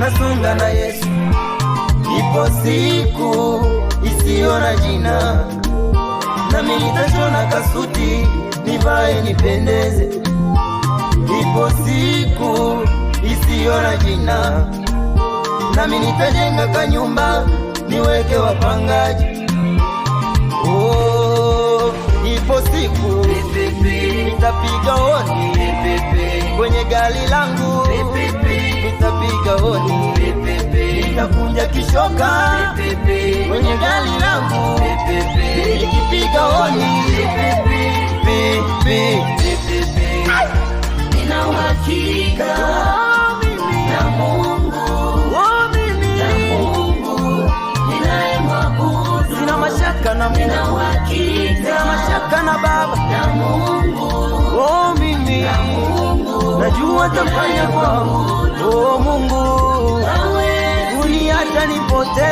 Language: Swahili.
nasunga na Yesu. Ipo siku isiyo na jina, nami nitashona kasuti nivae nipendeze. Ipo siku isiyo na jina, nami nitajenga kanyumba niweke wapangaji. Oh, ipo siku nitapiga honi kwenye gari langu kunja kishoka kwenye gari langu nikipiga honi nina uhakika oh, Mungu oh mimi na najua tafanya kwangu, oh Mungu చనిపోతే